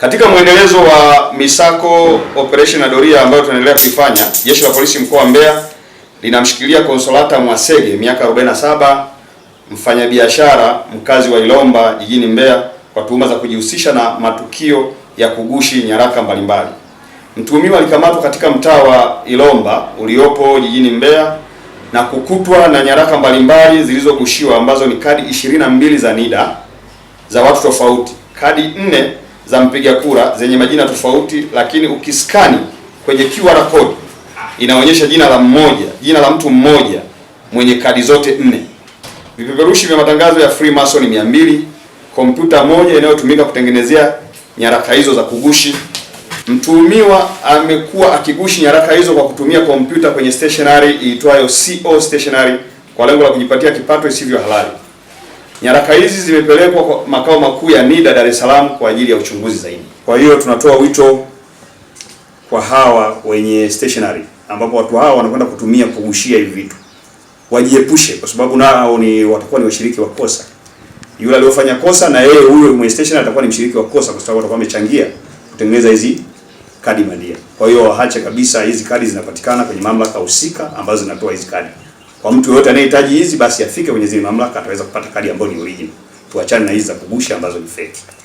Katika mwendelezo wa misako operation na doria ambayo tunaendelea kuifanya, Jeshi la Polisi mkoa wa Mbeya linamshikilia Konsolata Mwasege miaka 47, mfanyabiashara mkazi wa Ilomba jijini Mbeya kwa tuhuma za kujihusisha na matukio ya kugushi nyaraka mbalimbali. Mtuhumiwa alikamatwa katika mtaa wa Ilomba uliopo jijini Mbeya na kukutwa na nyaraka mbalimbali zilizogushiwa ambazo ni kadi 22 za NIDA za watu tofauti, kadi 4 za mpiga kura zenye majina tofauti, lakini ukiskani kwenye QR code inaonyesha jina la mmoja, jina la mtu mmoja mwenye kadi zote nne. Vipeperushi vya matangazo ya Freemason 200, kompyuta moja inayotumika kutengenezea nyaraka hizo za kugushi. Mtuhumiwa amekuwa akigushi nyaraka hizo kwa kutumia kompyuta kwenye stationery iitwayo CO Stationery kwa lengo la kujipatia kipato isivyo halali. Nyaraka hizi zimepelekwa kwa makao makuu ya NIDA Dar es Salaam kwa ajili ya uchunguzi zaidi. Kwa hiyo tunatoa wito kwa hawa wenye stationery, ambapo watu hawa wanakwenda kutumia kugushia hivi vitu, wajiepushe, kwa sababu nao ni watakuwa ni washiriki wa kosa. Yule aliyofanya kosa na yeye huyo mwenye stationery atakuwa ni mshiriki wa kosa, kwa sababu atakuwa amechangia kutengeneza hizi kadi bandia. Kwa hiyo waache kabisa, hizi kadi zinapatikana kwenye mamlaka husika ambazo zinatoa hizi kadi. Kwa mtu yoyote anayehitaji hizi basi afike kwenye zile mamlaka ataweza kupata kadi ambayo ni original. Tuachane na hizi za kugusha ambazo ni fake.